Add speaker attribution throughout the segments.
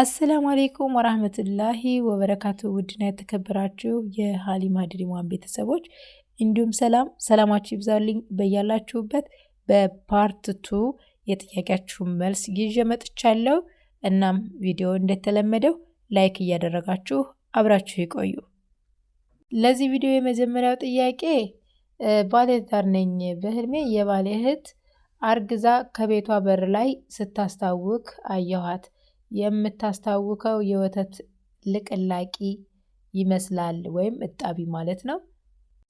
Speaker 1: አሰላሙ አሌይኩም ወራህመቱላሂ ወበረካቱ። ውድና የተከበራችሁ የሀሊማ ድሪሟን ቤተሰቦች እንዲሁም ሰላም ሰላማችሁ ይብዛልኝ በያላችሁበት። በፓርት ቱ የጥያቄያችሁን መልስ ይዤ መጥቻለሁ። እናም ቪዲዮ እንደተለመደው ላይክ እያደረጋችሁ አብራችሁ ይቆዩ። ለዚህ ቪዲዮ የመጀመሪያው ጥያቄ ባለትዳር ነኝ። በህልሜ የባሌ እህት አርግዛ ከቤቷ በር ላይ ስታስታውክ አየኋት። የምታስታውከው የወተት ልቅላቂ ይመስላል ወይም እጣቢ ማለት ነው።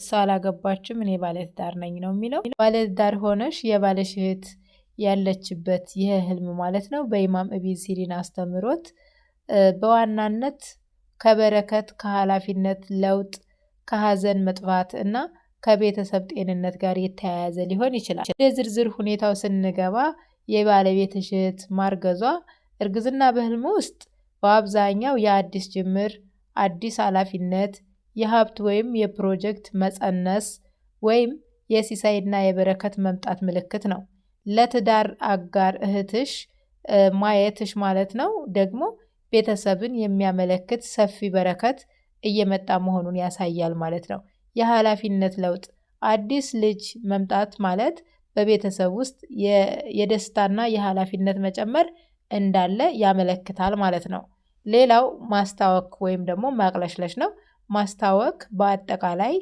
Speaker 1: እሷ አላገባችም እኔ ባለትዳር ነኝ ነው የሚለው። ባለትዳር ሆነሽ የባለሽ እህት ያለችበት ይህ ህልም ማለት ነው። በኢማም ኢብን ሲሪን አስተምሮት በዋናነት ከበረከት፣ ከኃላፊነት ለውጥ፣ ከሀዘን መጥፋት እና ከቤተሰብ ጤንነት ጋር የተያያዘ ሊሆን ይችላል። ወደ ዝርዝር ሁኔታው ስንገባ የባለቤትሽ እህት ማርገዟ እርግዝና በህልም ውስጥ በአብዛኛው የአዲስ ጅምር፣ አዲስ ኃላፊነት፣ የሀብት ወይም የፕሮጀክት መጸነስ ወይም የሲሳይና የበረከት መምጣት ምልክት ነው። ለትዳር አጋር እህትሽ ማየትሽ ማለት ነው ደግሞ ቤተሰብን የሚያመለክት ሰፊ በረከት እየመጣ መሆኑን ያሳያል ማለት ነው። የኃላፊነት ለውጥ አዲስ ልጅ መምጣት ማለት በቤተሰብ ውስጥ የደስታና የኃላፊነት መጨመር እንዳለ ያመለክታል ማለት ነው። ሌላው ማስታወክ ወይም ደግሞ ማቅለሽለሽ ነው። ማስታወክ በአጠቃላይ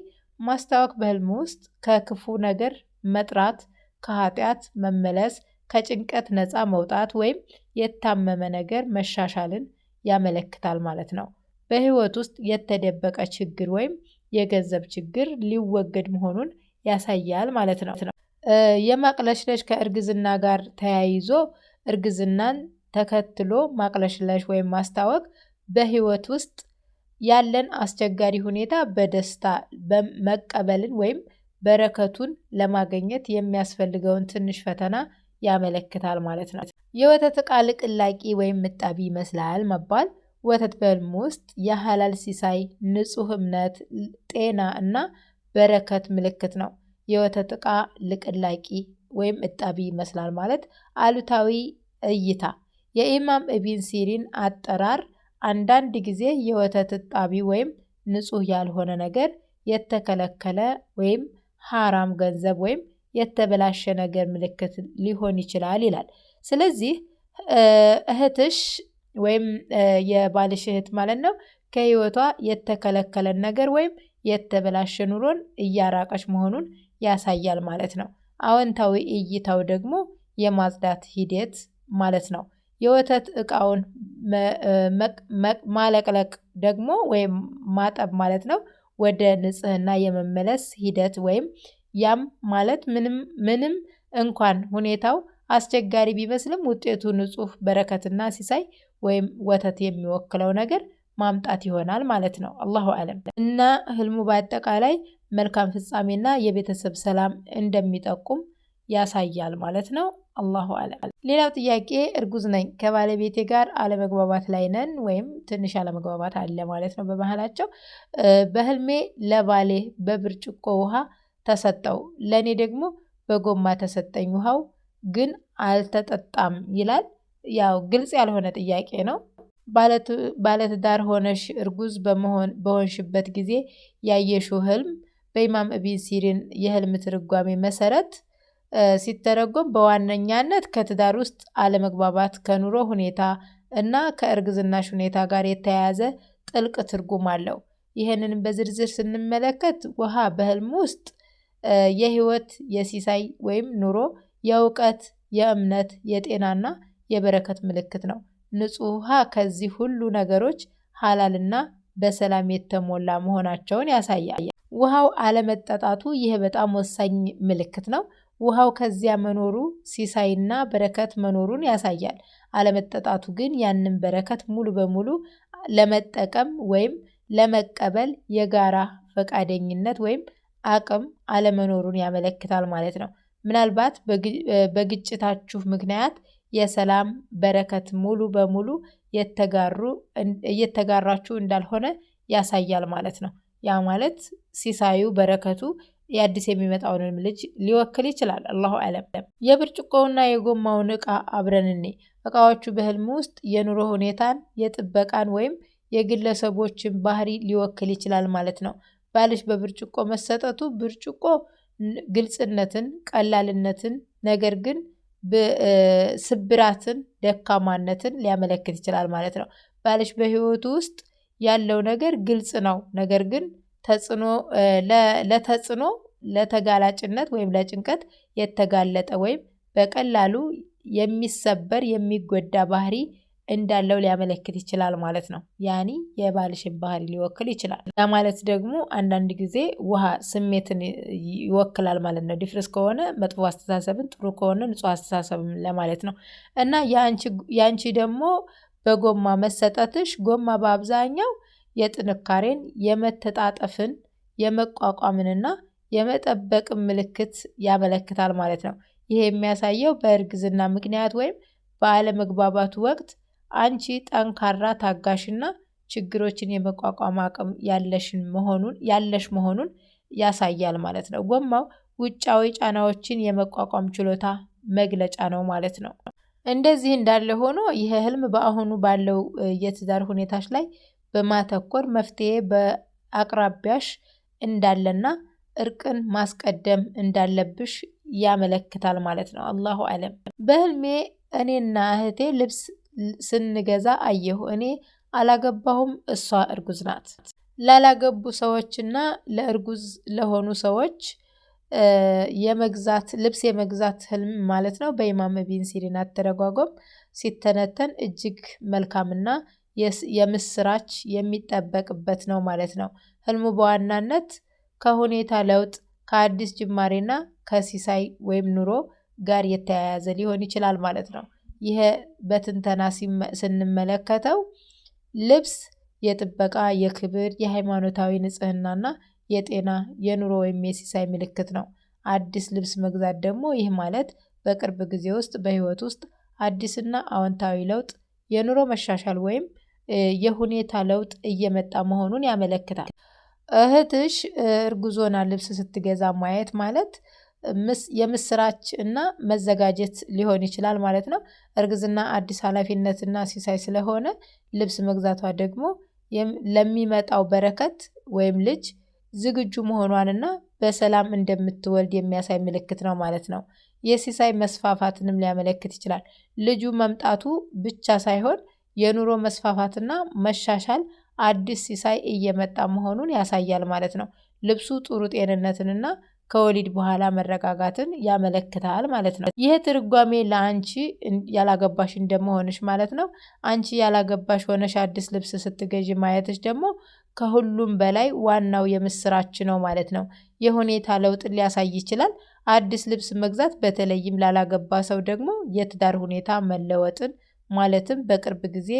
Speaker 1: ማስታወክ በህልም ውስጥ ከክፉ ነገር መጥራት፣ ከኃጢአት መመለስ፣ ከጭንቀት ነፃ መውጣት ወይም የታመመ ነገር መሻሻልን ያመለክታል ማለት ነው። በህይወት ውስጥ የተደበቀ ችግር ወይም የገንዘብ ችግር ሊወገድ መሆኑን ያሳያል ማለት ነው። የማቅለሽለሽ ከእርግዝና ጋር ተያይዞ እርግዝናን ተከትሎ ማቅለሽለሽ ወይም ማስታወክ በህይወት ውስጥ ያለን አስቸጋሪ ሁኔታ በደስታ መቀበልን ወይም በረከቱን ለማገኘት የሚያስፈልገውን ትንሽ ፈተና ያመለክታል ማለት ነው። የወተት እቃ ልቅላቂ ወይም ምጣቢ ይመስላል መባል ወተት በህልም ውስጥ የሀላል ሲሳይ፣ ንጹህ እምነት፣ ጤና እና በረከት ምልክት ነው። የወተት እቃ ልቅላቂ ወይም እጣቢ ይመስላል ማለት አሉታዊ እይታ የኢማም ኢብን ሲሪን አጠራር አንዳንድ ጊዜ የወተት እጣቢ ወይም ንጹህ ያልሆነ ነገር፣ የተከለከለ ወይም ሐራም ገንዘብ ወይም የተበላሸ ነገር ምልክት ሊሆን ይችላል ይላል። ስለዚህ እህትሽ ወይም የባልሽ እህት ማለት ነው ከህይወቷ የተከለከለን ነገር ወይም የተበላሸ ኑሮን እያራቀች መሆኑን ያሳያል ማለት ነው። አዎንታዊ እይታው ደግሞ የማጽዳት ሂደት ማለት ነው። የወተት እቃውን ማለቅለቅ ደግሞ ወይም ማጠብ ማለት ነው ወደ ንጽህና የመመለስ ሂደት ወይም ያም ማለት ምንም እንኳን ሁኔታው አስቸጋሪ ቢመስልም ውጤቱ ንጹህ በረከትና ሲሳይ ወይም ወተት የሚወክለው ነገር ማምጣት ይሆናል ማለት ነው። አላሁ አለም እና ህልሙ በአጠቃላይ መልካም ፍጻሜና የቤተሰብ ሰላም እንደሚጠቁም ያሳያል ማለት ነው። አላሁ አለም። ሌላው ጥያቄ እርጉዝ ነኝ ከባለቤቴ ጋር አለመግባባት ላይ ነን ወይም ትንሽ አለመግባባት አለ ማለት ነው በመሀላቸው። በህልሜ ለባሌ በብርጭቆ ውሃ ተሰጠው፣ ለእኔ ደግሞ በጎማ ተሰጠኝ። ውሃው ግን አልተጠጣም ይላል። ያው ግልጽ ያልሆነ ጥያቄ ነው። ባለትዳር ሆነሽ እርጉዝ በሆንሽበት ጊዜ ያየሽው ህልም በኢማም ኢብን ሲሪን የህልም ትርጓሜ መሰረት ሲተረጎም በዋነኛነት ከትዳር ውስጥ አለመግባባት ከኑሮ ሁኔታ እና ከእርግዝናሽ ሁኔታ ጋር የተያያዘ ጥልቅ ትርጉም አለው። ይህንንም በዝርዝር ስንመለከት ውሃ በህልም ውስጥ የህይወት የሲሳይ ወይም ኑሮ የእውቀት የእምነት የጤናና የበረከት ምልክት ነው። ንጹህ ውሃ ከዚህ ሁሉ ነገሮች ሀላልና በሰላም የተሞላ መሆናቸውን ያሳያል። ውሃው አለመጠጣቱ ይህ በጣም ወሳኝ ምልክት ነው። ውሃው ከዚያ መኖሩ ሲሳይና በረከት መኖሩን ያሳያል። አለመጠጣቱ ግን ያንን በረከት ሙሉ በሙሉ ለመጠቀም ወይም ለመቀበል የጋራ ፈቃደኝነት ወይም አቅም አለመኖሩን ያመለክታል ማለት ነው። ምናልባት በግጭታችሁ ምክንያት የሰላም በረከት ሙሉ በሙሉ እየተጋራችሁ እንዳልሆነ ያሳያል ማለት ነው። ያ ማለት ሲሳዩ በረከቱ የአዲስ የሚመጣውንም ልጅ ሊወክል ይችላል። አላሁ አለም። የብርጭቆውና የጎማውን እቃ አብረን እኔ እቃዎቹ በህልም ውስጥ የኑሮ ሁኔታን፣ የጥበቃን ወይም የግለሰቦችን ባህሪ ሊወክል ይችላል ማለት ነው። ባልሽ በብርጭቆ መሰጠቱ ብርጭቆ ግልጽነትን፣ ቀላልነትን ነገር ግን ስብራትን፣ ደካማነትን ሊያመለክት ይችላል ማለት ነው። ባልሽ በህይወቱ ውስጥ ያለው ነገር ግልጽ ነው ነገር ግን ተጽዕኖ ለተጽዕኖ ለተጋላጭነት ወይም ለጭንቀት የተጋለጠ ወይም በቀላሉ የሚሰበር የሚጎዳ ባህሪ እንዳለው ሊያመለክት ይችላል ማለት ነው። ያኒ የባልሽን ባህሪ ሊወክል ይችላል። ያ ማለት ደግሞ አንዳንድ ጊዜ ውሃ ስሜትን ይወክላል ማለት ነው። ዲፍረስ ከሆነ መጥፎ አስተሳሰብን፣ ጥሩ ከሆነ ንጹሕ አስተሳሰብን ለማለት ነው እና ያንቺ ደግሞ በጎማ መሰጠትሽ ጎማ በአብዛኛው የጥንካሬን፣ የመተጣጠፍን፣ የመቋቋምንና የመጠበቅን ምልክት ያመለክታል ማለት ነው። ይህ የሚያሳየው በእርግዝና ምክንያት ወይም በአለመግባባቱ ወቅት አንቺ ጠንካራ፣ ታጋሽና ችግሮችን የመቋቋም አቅም ያለሽ መሆኑን ያሳያል ማለት ነው። ጎማው ውጫዊ ጫናዎችን የመቋቋም ችሎታ መግለጫ ነው ማለት ነው። እንደዚህ እንዳለ ሆኖ ይህ ህልም በአሁኑ ባለው የትዳር ሁኔታች ላይ በማተኮር መፍትሄ በአቅራቢያሽ እንዳለና እርቅን ማስቀደም እንዳለብሽ ያመለክታል ማለት ነው። አላሁ አለም። በህልሜ እኔና እህቴ ልብስ ስንገዛ አየሁ። እኔ አላገባሁም፣ እሷ እርጉዝ ናት። ላላገቡ ሰዎችና ለእርጉዝ ለሆኑ ሰዎች የመግዛት ልብስ የመግዛት ህልም ማለት ነው። በኢማም ቢን ሲሪን አተረጓጎም ሲተነተን እጅግ መልካምና የምስራች የሚጠበቅበት ነው ማለት ነው። ህልሙ በዋናነት ከሁኔታ ለውጥ ከአዲስ ጅማሬና ከሲሳይ ወይም ኑሮ ጋር የተያያዘ ሊሆን ይችላል ማለት ነው። ይሄ በትንተና ስንመለከተው ልብስ የጥበቃ፣ የክብር፣ የሃይማኖታዊ ንጽህናና የጤና የኑሮ ወይም የሲሳይ ምልክት ነው። አዲስ ልብስ መግዛት ደግሞ ይህ ማለት በቅርብ ጊዜ ውስጥ በህይወት ውስጥ አዲስና አዎንታዊ ለውጥ የኑሮ መሻሻል ወይም የሁኔታ ለውጥ እየመጣ መሆኑን ያመለክታል። እህትሽ እርጉዞና ልብስ ስትገዛ ማየት ማለት የምስራች እና መዘጋጀት ሊሆን ይችላል ማለት ነው። እርግዝና አዲስ ኃላፊነትና ሲሳይ ስለሆነ ልብስ መግዛቷ ደግሞ ለሚመጣው በረከት ወይም ልጅ ዝግጁ መሆኗንና በሰላም እንደምትወልድ የሚያሳይ ምልክት ነው ማለት ነው። የሲሳይ መስፋፋትንም ሊያመለክት ይችላል። ልጁ መምጣቱ ብቻ ሳይሆን የኑሮ መስፋፋትና መሻሻል አዲስ ሲሳይ እየመጣ መሆኑን ያሳያል ማለት ነው። ልብሱ ጥሩ ጤንነትንና ከወሊድ በኋላ መረጋጋትን ያመለክታል ማለት ነው። ይህ ትርጓሜ ለአንቺ ያላገባሽ እንደመሆንሽ ማለት ነው። አንቺ ያላገባሽ ሆነሽ አዲስ ልብስ ስትገዢ ማየትሽ ደግሞ ከሁሉም በላይ ዋናው የምስራች ነው ማለት ነው። የሁኔታ ለውጥ ሊያሳይ ይችላል። አዲስ ልብስ መግዛት በተለይም ላላገባ ሰው ደግሞ የትዳር ሁኔታ መለወጥን ማለትም በቅርብ ጊዜ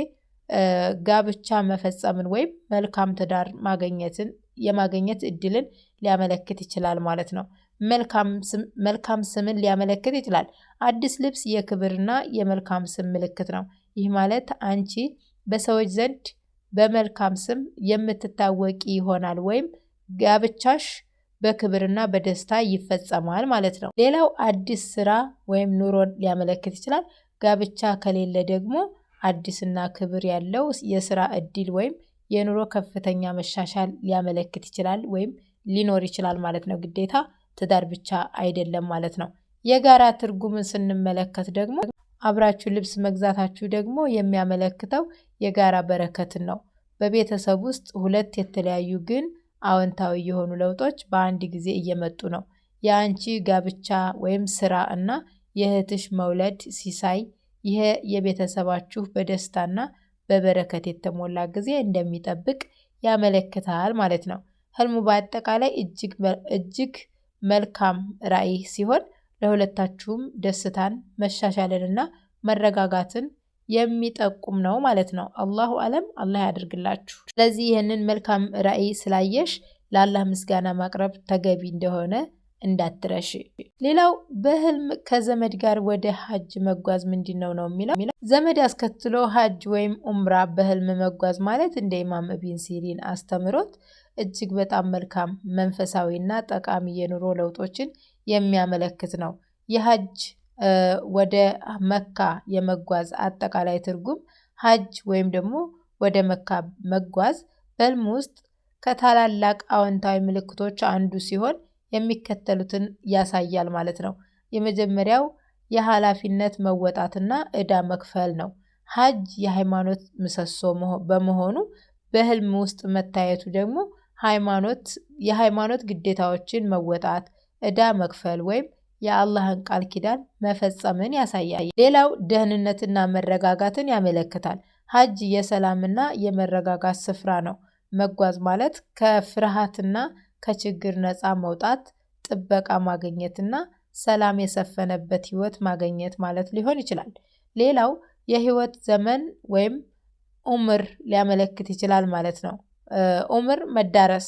Speaker 1: ጋብቻ መፈጸምን ወይም መልካም ትዳር ማገኘትን የማገኘት እድልን ሊያመለክት ይችላል ማለት ነው። መልካም ስምን ሊያመለክት ይችላል። አዲስ ልብስ የክብርና የመልካም ስም ምልክት ነው። ይህ ማለት አንቺ በሰዎች ዘንድ በመልካም ስም የምትታወቂ ይሆናል ወይም ጋብቻሽ በክብርና በደስታ ይፈጸማል ማለት ነው። ሌላው አዲስ ስራ ወይም ኑሮን ሊያመለክት ይችላል። ጋብቻ ከሌለ ደግሞ አዲስና ክብር ያለው የስራ እድል ወይም የኑሮ ከፍተኛ መሻሻል ሊያመለክት ይችላል ወይም ሊኖር ይችላል ማለት ነው። ግዴታ ትዳር ብቻ አይደለም ማለት ነው። የጋራ ትርጉምን ስንመለከት ደግሞ አብራችሁ ልብስ መግዛታችሁ ደግሞ የሚያመለክተው የጋራ በረከትን ነው። በቤተሰብ ውስጥ ሁለት የተለያዩ ግን አዎንታዊ የሆኑ ለውጦች በአንድ ጊዜ እየመጡ ነው። የአንቺ ጋብቻ ወይም ስራ እና የእህትሽ መውለድ ሲሳይ፣ ይህ የቤተሰባችሁ በደስታና በበረከት የተሞላ ጊዜ እንደሚጠብቅ ያመለክታል ማለት ነው። ህልሙ በአጠቃላይ እጅግ መልካም ራዕይ ሲሆን ለሁለታችሁም ደስታን፣ መሻሻልንና መረጋጋትን የሚጠቁም ነው ማለት ነው። አላሁ አለም አላህ ያደርግላችሁ። ስለዚህ ይህንን መልካም ራዕይ ስላየሽ ለአላህ ምስጋና ማቅረብ ተገቢ እንደሆነ እንዳትረሽ። ሌላው በህልም ከዘመድ ጋር ወደ ሀጅ መጓዝ ምንድን ነው ነው የሚለው ዘመድ አስከትሎ ሀጅ ወይም ኡምራ በህልም መጓዝ ማለት እንደ ኢማም ኢብን ሲሪን አስተምሮት እጅግ በጣም መልካም መንፈሳዊና ጠቃሚ የኑሮ ለውጦችን የሚያመለክት ነው። የሀጅ ወደ መካ የመጓዝ አጠቃላይ ትርጉም ሀጅ ወይም ደግሞ ወደ መካ መጓዝ በህልም ውስጥ ከታላላቅ አዎንታዊ ምልክቶች አንዱ ሲሆን የሚከተሉትን ያሳያል ማለት ነው። የመጀመሪያው የኃላፊነት መወጣትና ዕዳ መክፈል ነው። ሀጅ የሃይማኖት ምሰሶ በመሆኑ በህልም ውስጥ መታየቱ ደግሞ ሃይማኖት የሃይማኖት ግዴታዎችን መወጣት፣ ዕዳ መክፈል ወይም የአላህን ቃል ኪዳን መፈጸምን ያሳያል። ሌላው ደህንነትና መረጋጋትን ያመለክታል። ሀጅ የሰላምና የመረጋጋት ስፍራ ነው። መጓዝ ማለት ከፍርሃትና ከችግር ነፃ መውጣት፣ ጥበቃ ማግኘትና ሰላም የሰፈነበት ህይወት ማግኘት ማለት ሊሆን ይችላል። ሌላው የህይወት ዘመን ወይም ኡምር ሊያመለክት ይችላል ማለት ነው። ኡምር መዳረስ።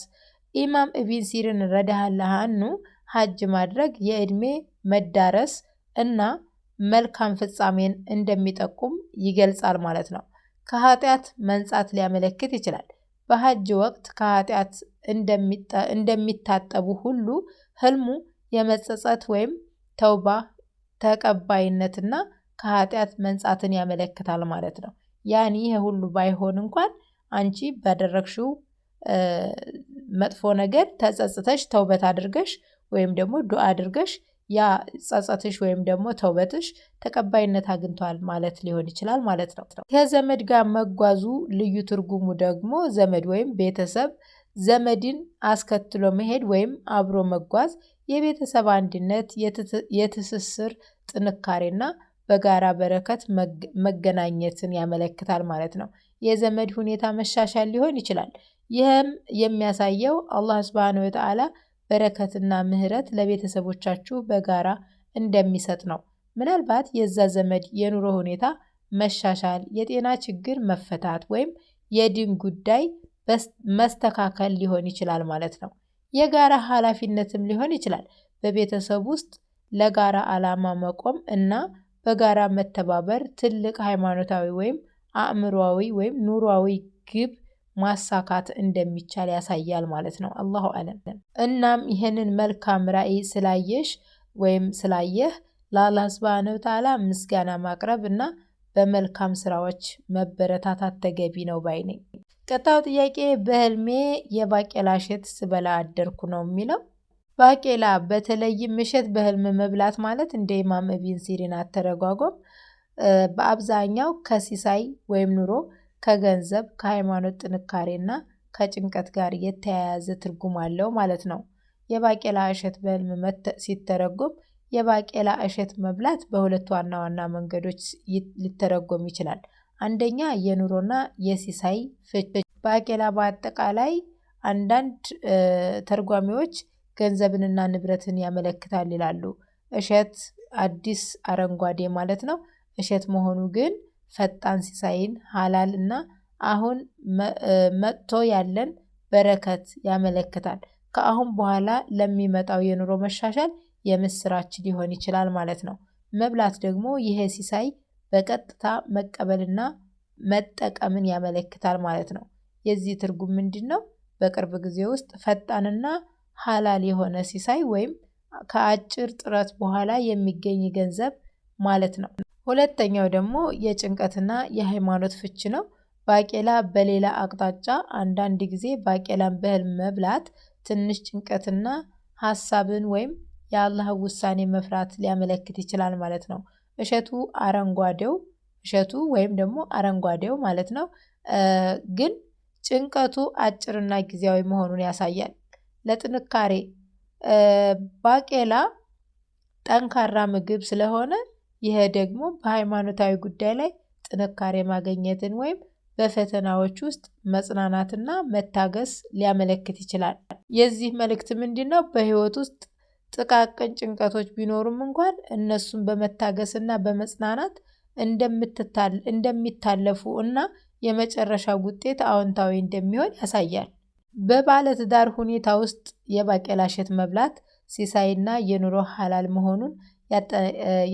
Speaker 1: ኢማም ኢብን ሲሪን ረዲየላሁ ሀጅ ማድረግ የእድሜ መዳረስ እና መልካም ፍጻሜን እንደሚጠቁም ይገልጻል ማለት ነው። ከኃጢአት መንጻት ሊያመለክት ይችላል። በሐጅ ወቅት ከኃጢአት እንደሚታጠቡ ሁሉ ህልሙ የመጸጸት ወይም ተውባ ተቀባይነትና ከኃጢአት መንጻትን ያመለክታል ማለት ነው። ያኒ ይሄ ሁሉ ባይሆን እንኳን አንቺ ባደረግሽው መጥፎ ነገር ተጸጽተሽ ተውበት አድርገሽ ወይም ደግሞ ዱአ አድርገሽ ያ ጸጸትሽ ወይም ደግሞ ተውበትሽ ተቀባይነት አግኝቷል ማለት ሊሆን ይችላል ማለት ነው። ከዘመድ ጋር መጓዙ ልዩ ትርጉሙ ደግሞ ዘመድ ወይም ቤተሰብ ዘመድን አስከትሎ መሄድ ወይም አብሮ መጓዝ የቤተሰብ አንድነት፣ የትስስር ጥንካሬና በጋራ በረከት መገናኘትን ያመለክታል ማለት ነው። የዘመድ ሁኔታ መሻሻል ሊሆን ይችላል። ይህም የሚያሳየው አላህ ሱብሃነሁ ወተዓላ በረከትና ምሕረት ለቤተሰቦቻችሁ በጋራ እንደሚሰጥ ነው። ምናልባት የዛ ዘመድ የኑሮ ሁኔታ መሻሻል፣ የጤና ችግር መፈታት ወይም የድን ጉዳይ መስተካከል ሊሆን ይችላል ማለት ነው። የጋራ ኃላፊነትም ሊሆን ይችላል። በቤተሰብ ውስጥ ለጋራ ዓላማ መቆም እና በጋራ መተባበር ትልቅ ሃይማኖታዊ ወይም አእምሯዊ ወይም ኑሯዊ ግብ ማሳካት እንደሚቻል ያሳያል ማለት ነው። አላሁ አለም። እናም ይህንን መልካም ራዕይ ስላየሽ ወይም ስላየህ ለአላህ ሱብሃነሁ ወተዓላ ምስጋና ማቅረብ እና በመልካም ስራዎች መበረታታት ተገቢ ነው ባይ ነኝ። ጥያቄ በህልሜ የባቄላ እሸት ስበላ አደርኩ ነው የሚለው። ባቄላ በተለይም እሸት በህልም መብላት ማለት እንደ ኢማም ኢብን ሲሪን አተረጓጎም በአብዛኛው ከሲሳይ ወይም ኑሮ ከገንዘብ ከሃይማኖት ጥንካሬና ከጭንቀት ጋር የተያያዘ ትርጉም አለው ማለት ነው። የባቄላ እሸት በሕልም ሲተረጎም የባቄላ እሸት መብላት በሁለት ዋና ዋና መንገዶች ሊተረጎም ይችላል። አንደኛ የኑሮና የሲሳይ ፍች። ባቄላ በአጠቃላይ አንዳንድ ተርጓሚዎች ገንዘብንና ንብረትን ያመለክታል ይላሉ። እሸት አዲስ አረንጓዴ ማለት ነው። እሸት መሆኑ ግን ፈጣን ሲሳይን ሀላል እና አሁን መጥቶ ያለን በረከት ያመለክታል። ከአሁን በኋላ ለሚመጣው የኑሮ መሻሻል የምስራች ሊሆን ይችላል ማለት ነው። መብላት ደግሞ ይሄ ሲሳይ በቀጥታ መቀበልና መጠቀምን ያመለክታል ማለት ነው። የዚህ ትርጉም ምንድን ነው? በቅርብ ጊዜ ውስጥ ፈጣንና ሀላል የሆነ ሲሳይ ወይም ከአጭር ጥረት በኋላ የሚገኝ ገንዘብ ማለት ነው። ሁለተኛው ደግሞ የጭንቀትና የሃይማኖት ፍች ነው። ባቄላ በሌላ አቅጣጫ አንዳንድ ጊዜ ባቄላን በህልም መብላት ትንሽ ጭንቀትና ሀሳብን ወይም የአላህ ውሳኔ መፍራት ሊያመለክት ይችላል ማለት ነው። እሸቱ አረንጓዴው እሸቱ ወይም ደግሞ አረንጓዴው ማለት ነው ግን ጭንቀቱ አጭርና ጊዜያዊ መሆኑን ያሳያል። ለጥንካሬ ባቄላ ጠንካራ ምግብ ስለሆነ ይህ ደግሞ በሃይማኖታዊ ጉዳይ ላይ ጥንካሬ ማግኘትን ወይም በፈተናዎች ውስጥ መጽናናትና መታገስ ሊያመለክት ይችላል። የዚህ መልእክት ምንድነው? በህይወት ውስጥ ጥቃቅን ጭንቀቶች ቢኖሩም እንኳን እነሱን በመታገስና በመጽናናት እንደሚታለፉ እና የመጨረሻ ውጤት አዎንታዊ እንደሚሆን ያሳያል። በባለትዳር ሁኔታ ውስጥ የባቄላ እሸት መብላት ሲሳይና የኑሮ ሀላል መሆኑን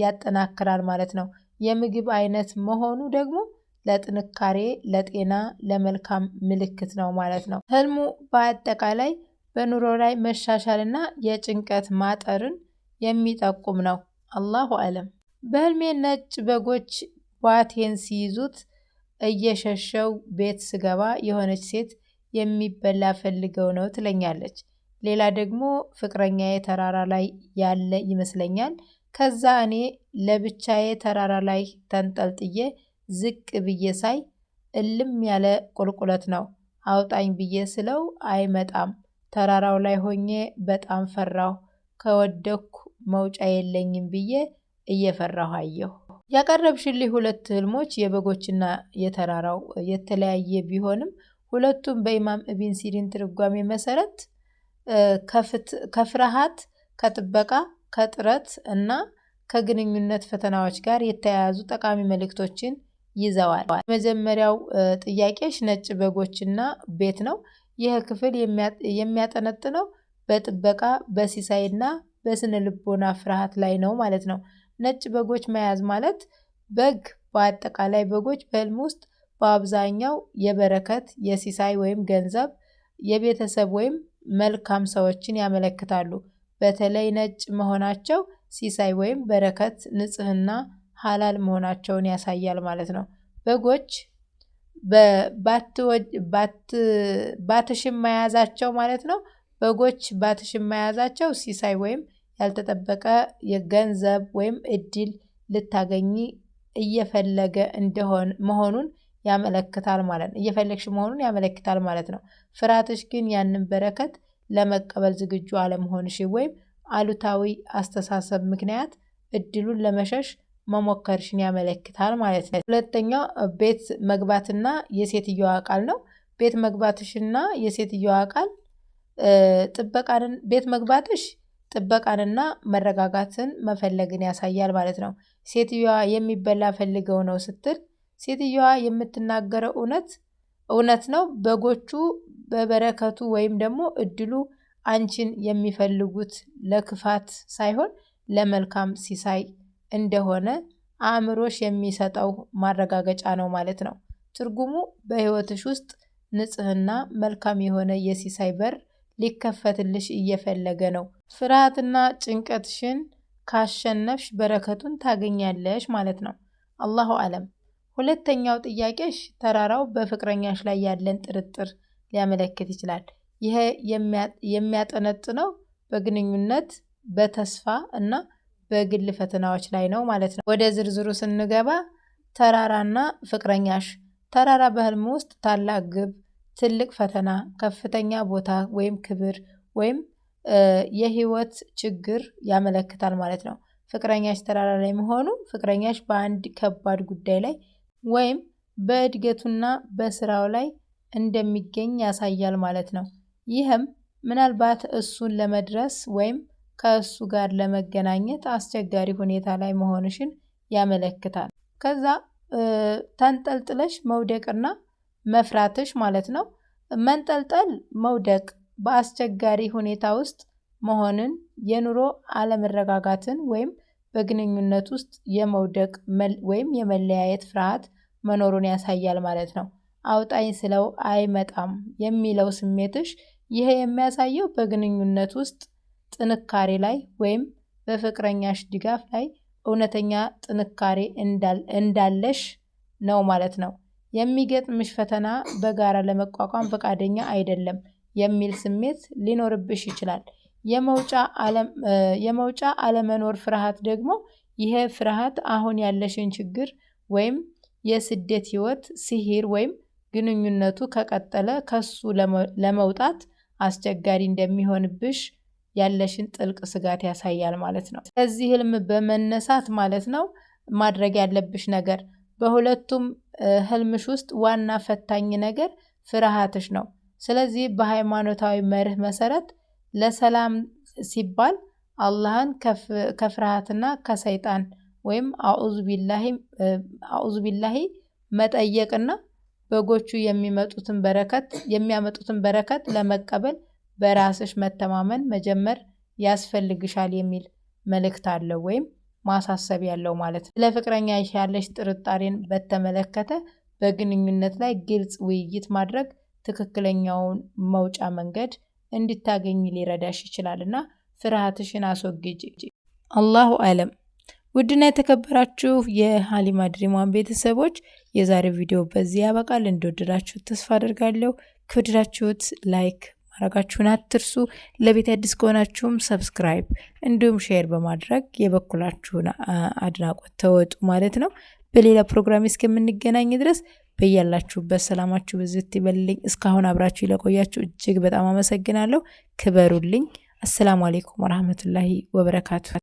Speaker 1: ያጠናክራል ማለት ነው። የምግብ አይነት መሆኑ ደግሞ ለጥንካሬ፣ ለጤና፣ ለመልካም ምልክት ነው ማለት ነው። ህልሙ በአጠቃላይ በኑሮ ላይ መሻሻልና የጭንቀት ማጠርን የሚጠቁም ነው። አላሁ አለም። በህልሜ ነጭ በጎች ባቴን ሲይዙት እየሸሸው ቤት ስገባ የሆነች ሴት የሚበላ ፈልገው ነው ትለኛለች። ሌላ ደግሞ ፍቅረኛ የተራራ ላይ ያለ ይመስለኛል። ከዛ እኔ ለብቻዬ ተራራ ላይ ተንጠልጥዬ ዝቅ ብዬ ሳይ እልም ያለ ቁልቁለት ነው። አውጣኝ ብዬ ስለው አይመጣም። ተራራው ላይ ሆኜ በጣም ፈራሁ። ከወደኩ መውጫ የለኝም ብዬ እየፈራሁ አየሁ። ያቀረብሽልኝ ሁለት ህልሞች የበጎችና የተራራው የተለያየ ቢሆንም ሁለቱም በኢማም እቢን ሲሪን ትርጓሜ መሰረት ከፍርሃት ከጥበቃ ከጥረት እና ከግንኙነት ፈተናዎች ጋር የተያያዙ ጠቃሚ መልእክቶችን ይዘዋል። የመጀመሪያው ጥያቄሽ ነጭ በጎችና ቤት ነው። ይህ ክፍል የሚያጠነጥነው በጥበቃ በሲሳይና በስነ ልቦና ፍርሃት ላይ ነው ማለት ነው። ነጭ በጎች መያዝ ማለት በግ በአጠቃላይ በጎች በህልም ውስጥ በአብዛኛው የበረከት የሲሳይ ወይም ገንዘብ የቤተሰብ ወይም መልካም ሰዎችን ያመለክታሉ። በተለይ ነጭ መሆናቸው ሲሳይ ወይም በረከት፣ ንጽህና፣ ሀላል መሆናቸውን ያሳያል ማለት ነው። በጎች ባትሽ መያዛቸው ማለት ነው። በጎች ባትሽም መያዛቸው ሲሳይ ወይም ያልተጠበቀ የገንዘብ ወይም እድል ልታገኝ እየፈለገ እንደሆን መሆኑን ያመለክታል ማለት ነው። እየፈለግሽ መሆኑን ያመለክታል ማለት ነው። ፍርሃትሽ ግን ያንን በረከት ለመቀበል ዝግጁ አለመሆንሽ ወይም አሉታዊ አስተሳሰብ ምክንያት እድሉን ለመሸሽ መሞከርሽን ያመለክታል ማለት ነው። ሁለተኛው ቤት መግባትና የሴትዮዋ ቃል ነው። ቤት መግባትሽና የሴትየዋ ቃል ጥበቃን ቤት መግባትሽ ጥበቃንና መረጋጋትን መፈለግን ያሳያል ማለት ነው። ሴትዮዋ የሚበላ ፈልገው ነው ስትል ሴትዮዋ የምትናገረው እውነት እውነት ነው። በጎቹ በበረከቱ ወይም ደግሞ እድሉ አንቺን የሚፈልጉት ለክፋት ሳይሆን ለመልካም ሲሳይ እንደሆነ አእምሮሽ የሚሰጠው ማረጋገጫ ነው ማለት ነው። ትርጉሙ በሕይወትሽ ውስጥ ንጽህና መልካም የሆነ የሲሳይ በር ሊከፈትልሽ እየፈለገ ነው። ፍርሃትና ጭንቀትሽን ካሸነፍሽ በረከቱን ታገኛለሽ ማለት ነው። አላሁ አለም። ሁለተኛው ጥያቄሽ ተራራው በፍቅረኛሽ ላይ ያለን ጥርጥር ሊያመለክት ይችላል። ይሄ የሚያጠነጥነው በግንኙነት በተስፋ እና በግል ፈተናዎች ላይ ነው ማለት ነው። ወደ ዝርዝሩ ስንገባ ተራራና ፍቅረኛሽ። ተራራ በህልም ውስጥ ታላቅ ግብ፣ ትልቅ ፈተና፣ ከፍተኛ ቦታ ወይም ክብር ወይም የህይወት ችግር ያመለክታል ማለት ነው። ፍቅረኛሽ ተራራ ላይ መሆኑ ፍቅረኛሽ በአንድ ከባድ ጉዳይ ላይ ወይም በእድገቱና በስራው ላይ እንደሚገኝ ያሳያል ማለት ነው። ይህም ምናልባት እሱን ለመድረስ ወይም ከእሱ ጋር ለመገናኘት አስቸጋሪ ሁኔታ ላይ መሆንሽን ያመለክታል። ከዛ ተንጠልጥለሽ መውደቅና መፍራትሽ ማለት ነው። መንጠልጠል መውደቅ፣ በአስቸጋሪ ሁኔታ ውስጥ መሆንን፣ የኑሮ አለመረጋጋትን ወይም በግንኙነት ውስጥ የመውደቅ ወይም የመለያየት ፍርሃት መኖሩን ያሳያል ማለት ነው። አውጣኝ ስለው አይመጣም የሚለው ስሜትሽ፣ ይሄ የሚያሳየው በግንኙነት ውስጥ ጥንካሬ ላይ ወይም በፍቅረኛሽ ድጋፍ ላይ እውነተኛ ጥንካሬ እንዳለሽ ነው ማለት ነው። የሚገጥምሽ ፈተና በጋራ ለመቋቋም ፈቃደኛ አይደለም የሚል ስሜት ሊኖርብሽ ይችላል። የመውጫ አለመኖር ፍርሃት ደግሞ ይሄ ፍርሃት አሁን ያለሽን ችግር ወይም የስደት ህይወት ሲሄር ወይም ግንኙነቱ ከቀጠለ ከሱ ለመውጣት አስቸጋሪ እንደሚሆንብሽ ያለሽን ጥልቅ ስጋት ያሳያል ማለት ነው። ከዚህ ህልም በመነሳት ማለት ነው ማድረግ ያለብሽ ነገር በሁለቱም ህልምሽ ውስጥ ዋና ፈታኝ ነገር ፍርሃትሽ ነው። ስለዚህ በሃይማኖታዊ መርህ መሰረት ለሰላም ሲባል አላህን ከፍርሃትና ከሰይጣን ወይም አዑዙ ቢላሂ መጠየቅና በጎቹ የሚመጡትን በረከት የሚያመጡትን በረከት ለመቀበል በራስሽ መተማመን መጀመር ያስፈልግሻል የሚል መልእክት አለው ወይም ማሳሰብ ያለው ማለት ነው። ለፍቅረኛ ያለሽ ጥርጣሬን በተመለከተ በግንኙነት ላይ ግልጽ ውይይት ማድረግ ትክክለኛውን መውጫ መንገድ እንድታገኝ ሊረዳሽ ይችላል እና ፍርሃትሽን አስወግጅ። አላሁ አለም። ውድና የተከበራችሁ የሀሊማ ድሪሟን ቤተሰቦች የዛሬው ቪዲዮ በዚህ ያበቃል። እንደወደዳችሁት ተስፋ አደርጋለሁ። ከወደዳችሁት ላይክ ማድረጋችሁን አትርሱ። ለቤት አዲስ ከሆናችሁም ሰብስክራይብ እንዲሁም ሼር በማድረግ የበኩላችሁን አድናቆት ተወጡ ማለት ነው። በሌላ ፕሮግራም እስከምንገናኝ ድረስ በያላችሁበት ሰላማችሁ ብዝት ይበልልኝ። እስካሁን አብራችሁ ለቆያችሁ እጅግ በጣም አመሰግናለሁ። ክበሩልኝ። አሰላሙ አሌይኩም ወረህመቱላሂ ወበረካቱ።